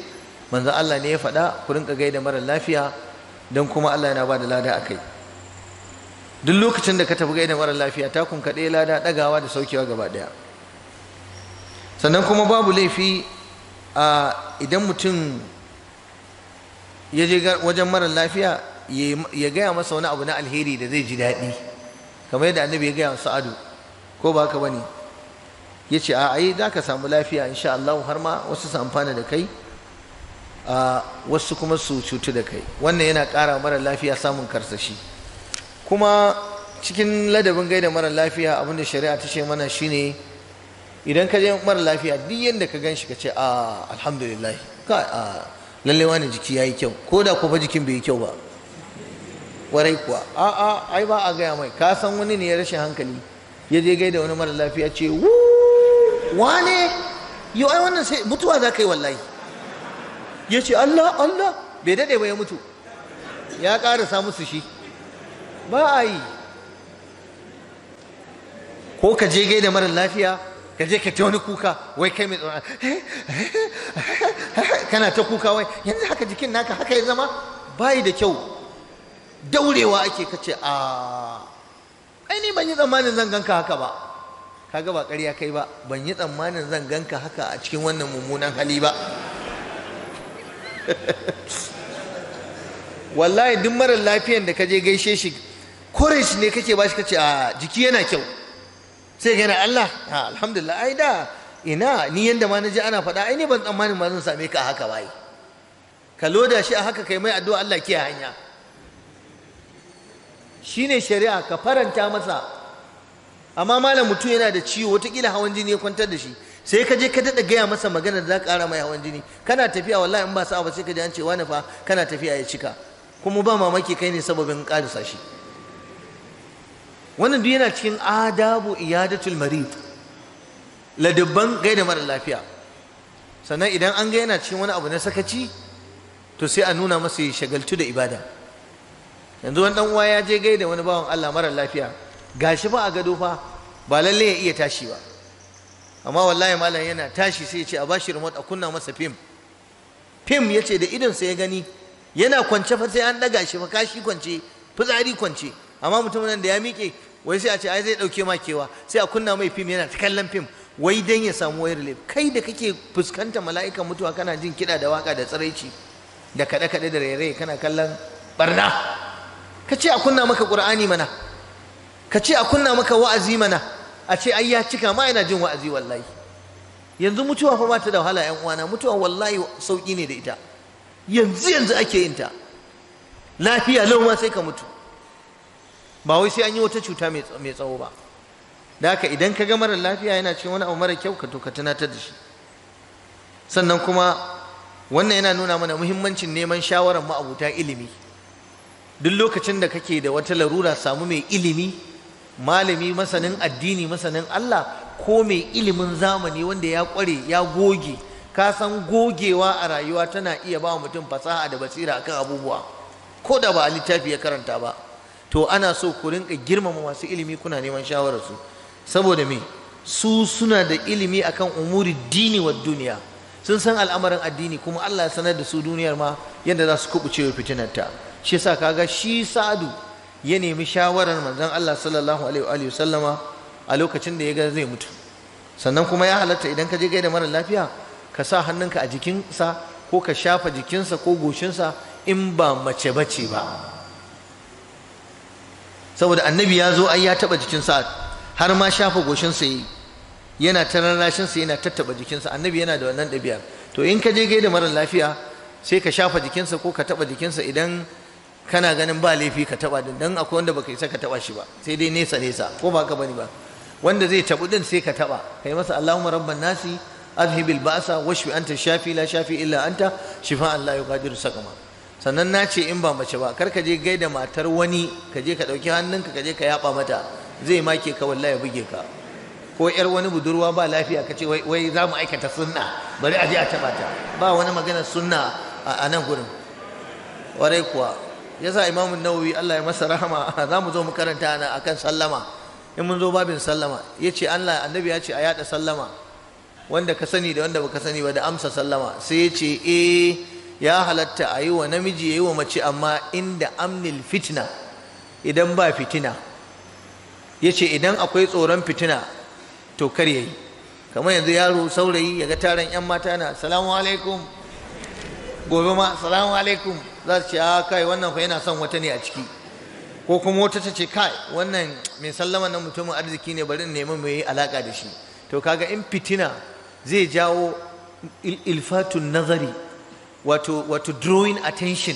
manzo Allah ne ya faɗa ku rinka gaida mara lafiya don kuma Allah yana ba da lada akai. duk lokacin da ka tafi gaida mara lafiya ta kun kaɗe lada ɗagawa da saukewa gaba ɗaya sannan kuma babu laifi a idan mutum ya je wajen mara lafiya ya gaya masa wani abu na alheri da zai ji daɗi kamar yadda annabi ya gaya wa sa'adu ko ba haka bane ya ce a ai za ka samu lafiya insha allahu har ma wasu su amfana da kai wasu kuma su cutu da kai wannan yana ƙara mara lafiya samun karsashi kuma cikin ladabin gaida mara lafiya abinda shari'a ta ce mana shine idan ka je mara lafiya duk yadda ka gan shi ka ce a alhamdulillah lalle wani jiki ya yi kyau ko da kuma jikin bai yi kyau ba warai kuwa a a ai ba a gaya mai ka san wani ne ya rashin hankali ya je gaida wani mara lafiya ce wu wane yo ai wannan sai mutuwa za ka yi wallahi ya ce Allah Allah bai dade ba ya mutu ya karasa musu shi ba a yi ko ka je gaida mara lafiya Kaje ka ta wani kuka wai kai mai tsoron kana ta kuka wai yanzu haka jikin naka haka ya zama bayi da kyau daurewa ake kace a ai ni ban yi tsammanin zan ganka haka ba kaga ba ƙarya kai ba ban yi tsammanin zan ganka haka a cikin wannan mummunan hali ba wallahi duk marar lafiyan da ka je gaishe shi courage ne kake ba shi kace a ah, jiki yana kyau sai ga Allah alhamdulillah ai da ina ni yanda ma naji ana faɗa ai ne ban tsammani ma zan same ka haka bai ka loda shi a haka kai mai addu'a Allah ke hanya shine shari'a ka faranta masa amma malam mutum yana da ciwo watakila hawan jini ya kwantar da shi sai ka je ka daɗa gaya masa magana da za ka ƙara mai hawan jini kana tafiya wallahi in ba sa'a ba sai ka ji an ce wani fa kana tafiya ya cika kuma ba mamaki kai ne sababin ƙarisa shi wannan duk yana cikin adabu iyadatul marid ladabban gaida mara lafiya sannan idan an ga yana cikin wani abu na sakaci to sai a nuna masa ya shagaltu da ibada yanzu wani dan uwa ya je gaida wani bawan Allah mara lafiya gashi ba a gado fa ba lalle ya iya tashi ba amma wallahi malam yana tashi sai ya ce a bashi remote a kunna masa fim fim ya ce da idon sai ya gani yana kwance fa sai an daga shi fa kashi kwance fitsari kwance amma mutumin da ya miƙe wai sai a ce ai zai dauke ma kewa sai a kunna mai fim yana ta kallon fim wai dan ya samu wayar relief kai da kake fuskanta mala'ikan mutuwa kana jin kiɗa da waka da tsiraici da kada kada da rairaye kana kallon barna ka ce a kunna maka qur'ani mana ka ce a kunna maka wa'azi mana a ce ai ya cika ma yana jin wa'azi wallahi yanzu mutuwa fa ba ta da wahala yan uwana mutuwa wallahi sauki ne da ita yanzu yanzu ake yin ta lafiya lau sai ka mutu ba wai sai an yi wata cuta mai tsawo ba da haka idan ka ga marar lafiya yana cikin wani abu mara kyau ka to ka tunatar da shi sannan kuma wannan yana nuna mana muhimmancin neman shawarar ma'abuta ilimi duk lokacin da kake da wata larura samu mai ilimi malami masanin addini masanin Allah ko mai ilimin zamani wanda ya kware ya goge ka san gogewa a rayuwa tana iya ba mutum fasaha da basira akan abubuwa ko da ba a littafi ya karanta ba to ana so ku rinka girmama masu ilimi kuna neman shawararsu saboda me su suna da ilimi akan umuri dini wa duniya sun san al'amarin addini kuma Allah ya sanar da su duniyar ma yadda za su kubuce wa fitinarta shi yasa kaga shi Sadu ya nemi shawarar manzon Allah sallallahu alaihi wa sallama a lokacin da ya ga zai mutu sannan kuma ya halatta idan ka je gaida mara lafiya ka sa hannunka a jikinsa ko ka shafa jikinsa ko goshinsa in ba mace bace ba saboda annabi ya zo ai ya taba jikin har ma shafa goshin sa yi yana tararrashin sa yana tattaba jikin annabi yana da wannan ɗabi'a to in ka je gai da lafiya sai ka shafa jikinsa ko ka taba jikinsa idan kana ganin ba laifi ka taba din dan akwai wanda baka isa ka taba shi ba sai dai nesa nesa ko ba ka bani ba wanda zai tabu din sai ka taba kai masa Allahumma rabban nasi azhibil ba'sa washfi anta shafi la shafi illa anta shifaan la yughadiru saqama sannan na ce in ba mace ba kar ka je gaida matar wani ka je ka ɗauki hannunka ka je ka yaɓa mata zai make ka wallahi ya buge ka ko yar wani budurwa ba lafiya ka ce wai za mu aikata sunna bari a je a taɓa ta ba wani magana sunna a nan gurin warai kuwa sa imamu nawawi Allah ya masa rahama za mu zo mu karanta na akan sallama in mun zo babin sallama ya ce Allah annabi ya ce a yaɗa sallama wanda ka sani da wanda baka sani ba da amsa sallama sai ya ce eh ya halatta a yi wa namiji ya yi wa mace amma inda amnil fitna idan ba fitina ya ce idan akwai tsoron fitina to kar ya yi kamar yanzu yaro saurayi ya ga taron 'yan mata na salamu alaikum gobe ma salamu alaikum za su ce a kai wannan fa yana son wata ne a ciki ko kuma wata ta ce kai wannan mai sallama na mutumin arziki ne bari nemi mai alaka da shi to kaga in fitina zai jawo ilfatun nazari wato wato drawing attention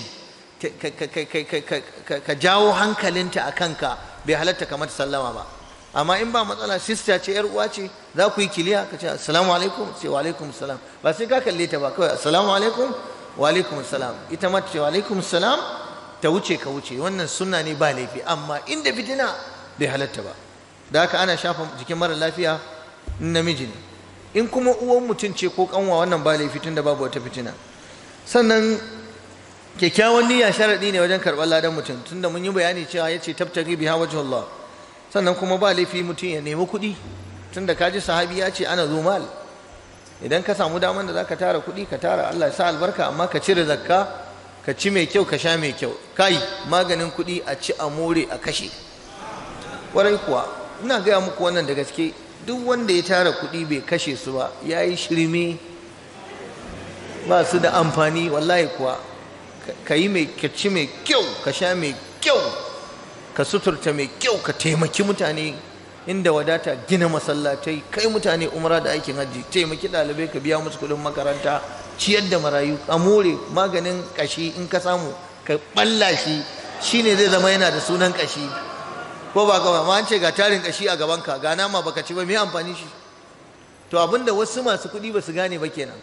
ka jawo hankalinta a kanka bai halatta kamar sallama ba amma in ba matsala sister ce yar uwa ce za ku yi kiliya ka ce assalamu alaikum ce wa alaikum salam ba sai ka kalle ta ba kawai assalamu alaikum wa alaikum salam ita ma ce wa alaikum salam ta wuce ka wuce wannan sunna ne ba laifi amma inda fitina bai halatta ba da haka ana shafa jikin mara lafiya namiji ne in kuma uwan mutum ce ko kanwa wannan ba laifi tunda babu wata fitina sannan kyakkyawan niyya sharaɗi ne wajen karɓar ladan mutum tunda mun yi bayani cewa ya ce tabtaki biha allah. sannan kuma ba laifi mutum ya nemi kuɗi tunda ka ji sahabi ya ce ana zumal idan ka samu daman da za ka tara kuɗi ka tara Allah ya sa albarka amma ka cire zakka ka ci mai kyau ka sha mai kyau kai maganin kuɗi a ci a more a kashe warai kuwa ina gaya muku wannan da gaske duk wanda ya tara kuɗi bai kashe su ba ya yi shirme ba su da amfani wallahi kuwa ka yi mai ka mai kyau ka sha mai kyau ka suturta mai kyau ka taimaki mutane inda wadata gina masallatai kai mutane umara da aikin hajji taimaki ɗalibai ka biya musu kuɗin makaranta ciyar da marayu a maganin kashi in ka samu ka ɓalla shi shine zai zama yana da sunan kashi ko ba gaba ma an ce ga tarin ƙashi a gabanka ga nama baka ci ba me amfani shi to abinda wasu masu kuɗi ba su gane ba kenan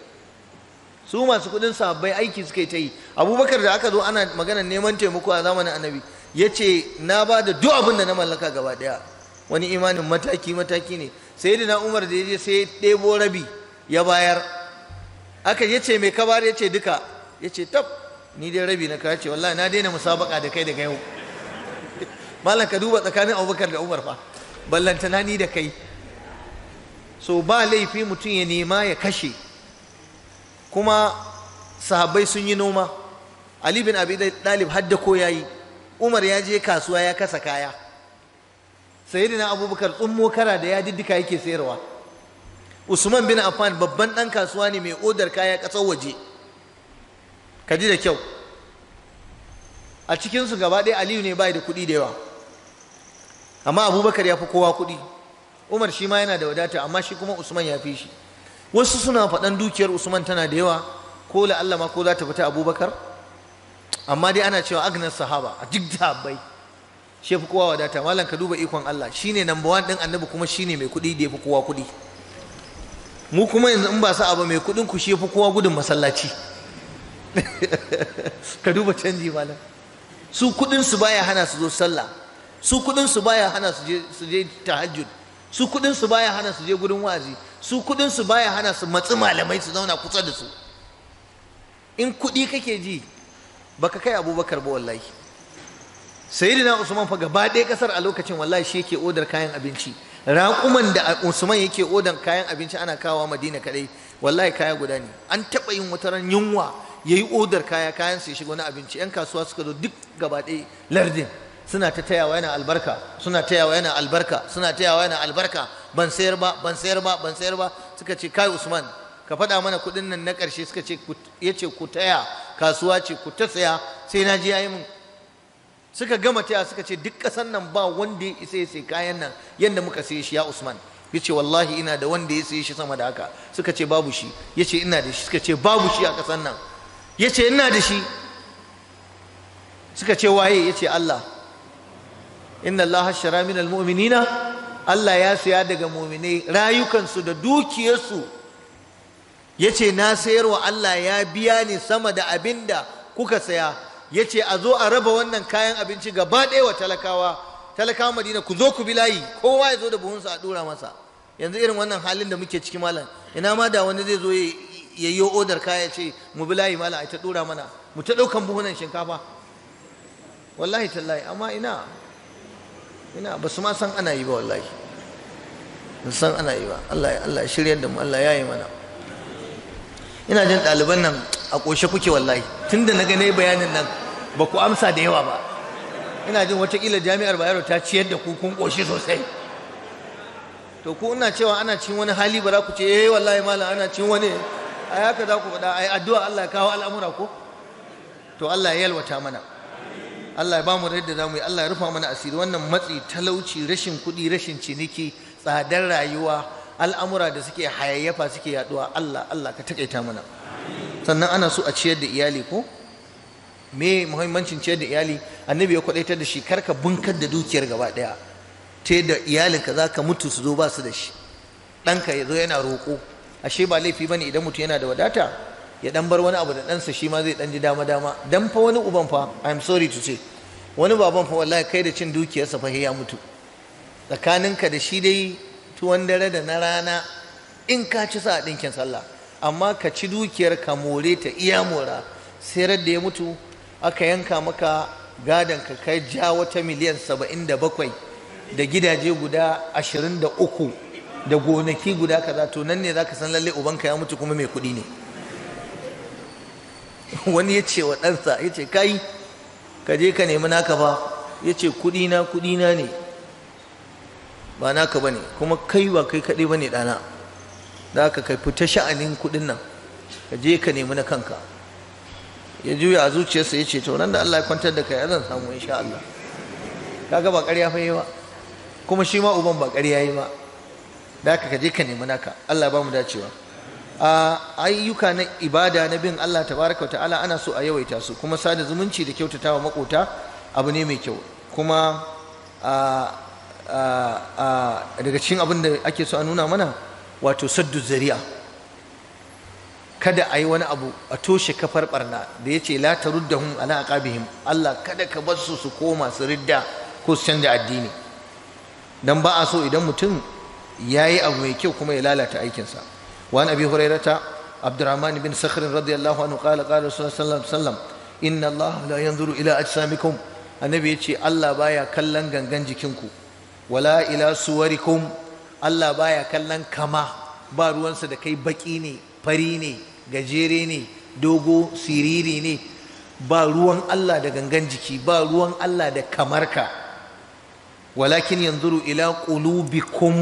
su masu kuɗin sabbai aiki suke ta yi abubakar da aka zo ana maganar neman taimako a zamanin annabi ya ce na ba da duk abin da na mallaka gaba ɗaya wani imanin mataki mataki ne sai da umar da ya je sai ɗebo rabi ya bayar aka ya ce mai kabar ya ce duka ya ce tab ni dai rabi na ka ce wallahi na daina musabaka da kai daga yau malaka ka duba tsakanin abubakar da umar fa ballantana ni da kai so ba laifi mutum ya nema ya kashe kuma sahabbai sun yi noma ali bin abi dalib hadda ko ya yi. umar ya je kasuwa ya kasa kaya sayyidina abubakar tsummo kara da ya diddika yake sayarwa usman bin affan babban dan kasuwa ne mai odar kaya kasar waje kaji da kyau a cikinsu gaba ɗaya aliyu ne bai da kuɗi da yawa amma abubakar ya fi kowa kuɗi umar shi ma yana da wadata amma shi kuma usman ya fi shi wasu suna faɗan dukiyar usman tana da yawa ko la Allah ma ko za ta fita abubakar amma dai ana cewa Agnes sahaba a duk sahabbai shi fi kowa wadata malam ka duba ikon Allah shine number one ɗin annabi kuma shine mai kuɗi da ya fi kowa kuɗi mu kuma yanzu in ba sa abu mai kuɗin ku shi fi kowa gudun masallaci ka duba canji malam su kuɗin su baya hana su zo sallah su kuɗin su baya hana su je tahajjud su kuɗin su baya hana su je gudun wa'azi su kuɗin su baya hana su matsi malamai su zauna kusa da su in kuɗi kake ji baka kai abubakar ba wallahi sayyidina usman fa gaba ɗaya kasar a lokacin wallahi shi yake odar kayan abinci raƙuman da usman yake odar kayan abinci ana kawo madina kaɗai wallahi kaya guda ne an taɓa yin wata ran yunwa ya yi odar kaya kayan ya shiga wani abinci 'yan kasuwa suka zo duk gaba ɗaya lardin suna ta tayawa yana albarka suna tayawa yana albarka suna tayawa yana albarka ban sayar ba ban sayar ba ban sayar ba suka ce kai Usman ka faɗa mana kuɗin nan na ƙarshe suka ce ya ce ku taya kasuwa ce ku ta saya sai na ji yi mun suka gama taya suka ce duk ƙasan nan ba wanda ya isa ya sai kayan nan yadda muka saye shi ya Usman ya ce wallahi ina da wanda ya saye shi sama da haka suka ce babu shi ya ce ina da shi suka ce babu shi a ƙasan nan ya ce ina da shi suka ce waye ya ce Allah inna Allah shara min almu'minina Allah ya saya daga muminai rayukansu da dukiyarsu ya ce na sayarwa Allah ya biya ni sama da abin da kuka saya ya ce a zo a raba wannan kayan abinci gaba ɗaya wa talakawa talakawa madina ku zo ku bi layi kowa ya zo da buhunsa a ɗora masa yanzu irin wannan halin da muke ciki malam ina ma da wani zai zo ya yi odar kaya ce mu bi layi malam a ta ɗora mana mu ta ɗaukan buhunan shinkafa wallahi tallahi amma ina ina ba su ma san ana yi ba wallahi ba san ana yi ba Allah ya Allah shiryar da mu Allah ya yi mana ina jin ɗaliban nan a ƙoshe kuke wallahi tunda na gane bayanin nan ba ku amsa da yawa ba ina jin watakila jami'ar bayero ta ciyar da ku kun ƙoshi sosai to ku ina cewa ana cin wani hali ba za ku ce eh wallahi malam ana cin wani ai haka za ku faɗa ai addu'a Allah ya kawo al'amura ko to Allah ya yalwata mana Allah ya ba mu da yadda zamu yi Allah ya rufa mana asiri wannan matsi talauci rashin kuɗi rashin ciniki tsadar rayuwa al'amura da suke hayayyafa suke yaduwa Allah Allah ka takaita mana sannan ana so a ciyar da iyali ko me muhimmancin ciyar da iyali annabi ya kwadaita da shi karka bunkar da dukiyar gaba daya ta yadda iyalinka za ka mutu su zo ba su da shi ɗanka ya zo yana roƙo ashe ba laifi bane idan mutum yana da wadata ya dan bar wani abu da ɗansa shi ma zai dan ji dama dama dan fa wani uban fa i'm sorry to say wani baban fa wallahi kai da cin dukiyarsa fa ya mutu tsakaninka da shi dai tuwon dare da na rana in ka ci sa ɗinkin sallah amma ka ci dukiyar ka more ta iya mora sai da ya mutu aka yanka maka gadon ka kai ja wata miliyan saba'in da bakwai da gidaje guda ashirin da uku da gonaki guda kaza to nan ne zaka san lalle ubanka ya mutu kuma mai kuɗi ne wani ya ce wa ɗansa ya ce kai ka je ka nemi naka fa ya ce kuɗi na kuɗi na ne ba naka ba ne kuma kai ba kai kaɗai ba ne ɗana da haka kai fita sha'anin kuɗin nan ka je ka nemi na kanka ya juya a zuciyarsa ya ce to nan da Allah ya kwantar da kai zan samu insha Allah kaga ba ƙarya fa yi ba kuma shi ma uban ba ƙarya yi ba da haka ka je ka nemi naka Allah ba mu dacewa ayyuka na ibada na bin Allah tabaraka wa ta'ala ana so a yawaita su kuma sada zumunci da kyautata wa makota abu ne mai kyau kuma daga cikin abin da ake so a nuna mana wato saddu zari'a kada a yi wani abu a toshe kafar barna da ya ce la ta ruddahum ala aqabihim Allah kada ka bar su su koma su ridda ko su canza addini dan ba a so idan mutum ya yi abu mai kyau kuma ya lalata aikinsa وعن أبي هريرة عبد الرحمن بن سخر رضي الله عنه قال قال رسول الله صلى الله عليه وسلم إن الله لا ينظر إلى أجسامكم النبي يقول الله بايا كلن غنغن جكنكو ولا إلى صوركم الله بايا كلن كما باروان سدكي بكيني فريني gajere dogo siriri ne ba ruwan Allah da gangan jiki ba ruwan Allah da kamarka walakin yanzuru ila qulubikum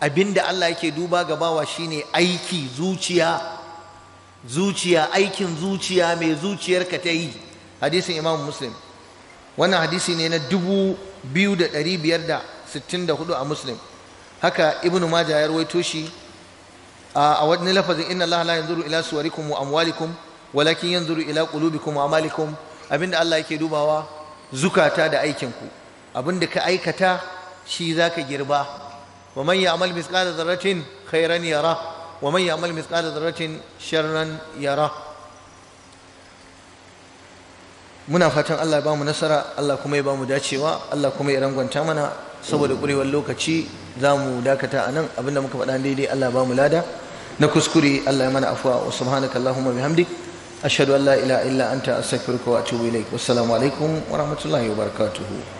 abinda Allah yake duba gabawa shine aiki zuciya zuciya aikin zuciya mai zuciyar ka ta yi hadisin Imam Muslim wannan hadisi ne na 2564 a Muslim haka Ibn Majah ya rawaito shi a wani lafazin inna Allah la yanzuru ila suwarikum wa amwalikum walakin yanzuru ila qulubikum wa amalikum abinda Allah yake dubawa zukata da aikinku abinda ka aikata shi zaka girba wa man ya'mal mithqala dharratin khairan yara wa man ya'mal mithqala dharratin sharran yara muna fatan Allah ya bamu nasara Allah kuma ya bamu dacewa Allah kuma ya rangwanta mana saboda kurewar lokaci za mu dakata anan. nan abinda muka faɗa daidai Allah ya bamu lada na kuskure Allah ya mana afwa wa subhanaka allahumma bihamdik ashhadu an la ilaha illa anta astaghfiruka wa atubu ilaik wassalamu alaikum wa rahmatullahi wa barakatuhu